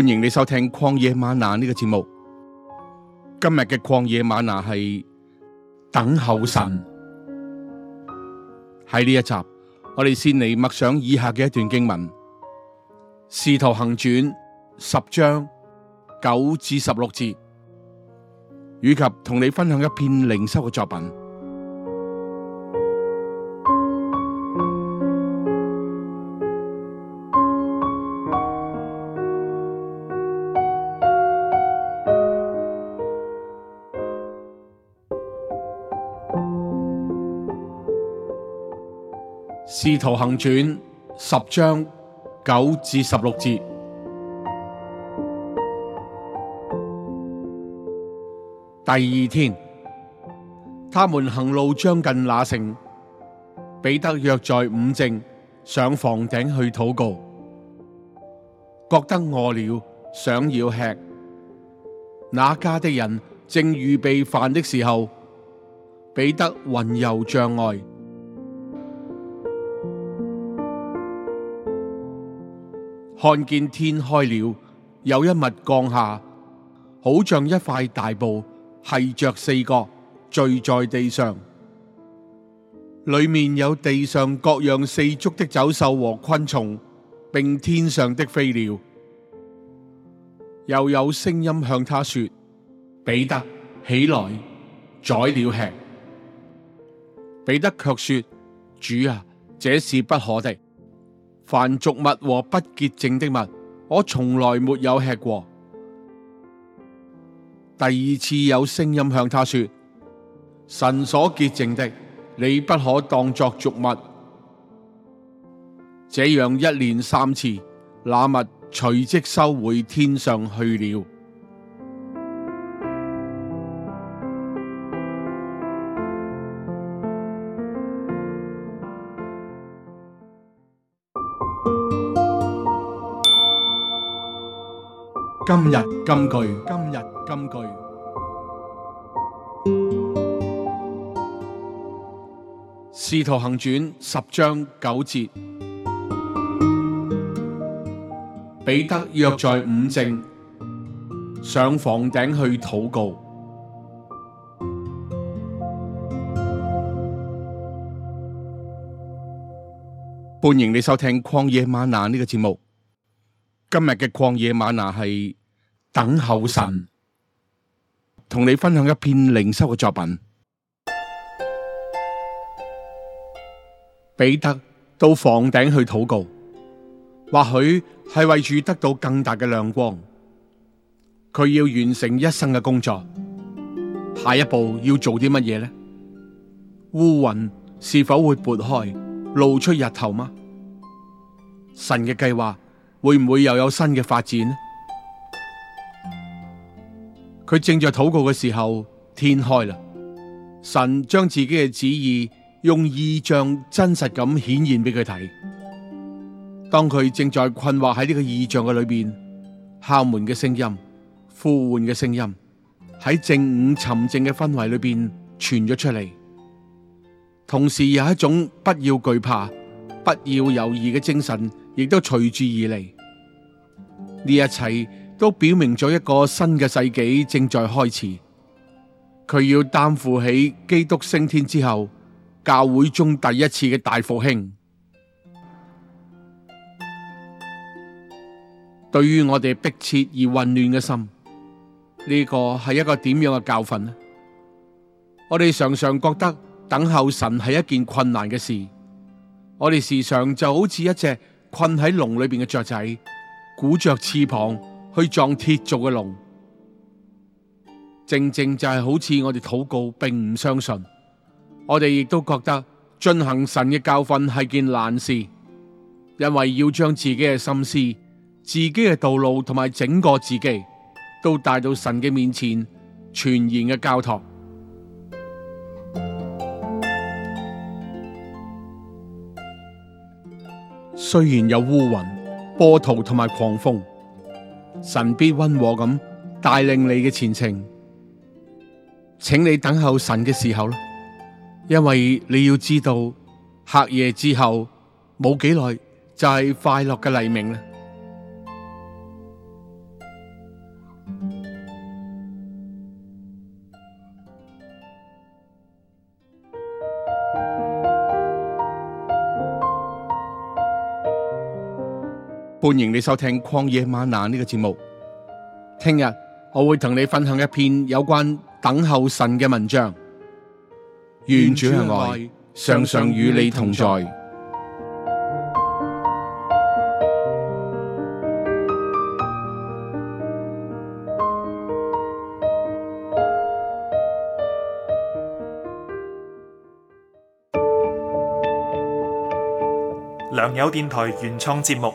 歡迎你收聽曠野嗎哪呢個節目。今日嘅曠野嗎哪係等候神。喺呢一集，我哋先嚟默想以下嘅一段經文：使徒行傳十章九至十六節，以及同你分享一篇靈修嘅作品。使徒行傳十章九至十六節。第二天，他們行路將近那城，彼得約在午正上房頂去禱告，覺得餓了，想要吃。那家的人正預備飯的時候，彼得魂遊象外。看見天開了，有一物降下，好像一塊大布，繫着四角，墜在地上。裏面有地上各樣四足的走獸和昆蟲，並天上的飛鳥。又有聲音向他說：彼得，起來，宰了吃。彼得卻說：主啊，這是不可的。凡俗物和不潔淨的物，我從來沒有吃過。第二次有聲音向他說：神所潔淨的，你不可當作俗物。這樣一連三次，那物隨即收回天上去了。今日金句，今日金句。《使徒行傳》十章九節，彼得約在午正上房頂去禱告。歡迎你收聽曠野嗎哪呢個節目。今日嘅曠野嗎哪係。等候神，同你分享一篇靈修嘅作品。彼得到房頂去禱告，或許係為住得到更大嘅亮光。佢要完成一生嘅工作，下一步要做啲乜嘢呢？烏雲是否會撥開，露出日頭嗎？神嘅計劃會唔會又有新嘅發展呢？佢正在禱告嘅時候，天開啦，神將自己嘅旨意用異象真實咁顯現俾佢睇。當佢正在困惑喺呢個異象嘅裏邊，敲門嘅聲音、呼喚嘅聲音，喺正午沉靜嘅氛圍裏邊傳咗出嚟，同時有一種不要懼怕、不要猶豫嘅精神，亦都隨住而嚟。呢一切都表明咗一個新嘅世紀正在開始，佢要擔負起基督升天之後教會中第一次嘅大復興。對於我哋迫切而混亂嘅心，呢個係一個點樣嘅教訓呢？我哋常常覺得等候神係一件困難嘅事，我哋時常就好似一隻困喺籠裏邊嘅雀仔，鼓着翅膀。去撞鐵做嘅路，正正就係好似我哋禱告，並唔相信。我哋亦都覺得進行神嘅教訓係件難事，因為要將自己嘅心思、自己嘅道路同埋整個自己，都帶到神嘅面前，全然嘅交託。雖然有烏雲、波濤同埋狂風。神必溫和咁帶領你嘅前程，請你等候神嘅時候啦，因為你要知道黑夜之後冇幾耐就係快樂嘅黎明啦。歡迎你收聽曠野嗎哪呢個節目。聽日我會同你分享一篇有關等候神嘅文章。願主嘅愛常常與你同在。良友電台原創節目。